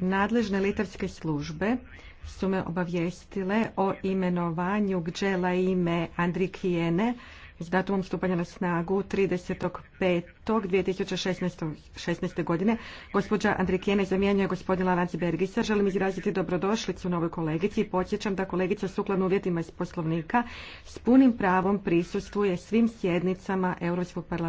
Nadležne litarske službe su me obavijestile o imenovanju gđela ime Kijene s datumom stupanja na snagu 30.5.2016. godine. Gospođa Andrikijene zamjenjuje gospodina Bergisa. Želim izraziti dobrodošlicu novoj kolegici i podsjećam da kolegica sukladno uvjetima iz poslovnika s punim pravom prisustvuje svim sjednicama Europskog parlamenta.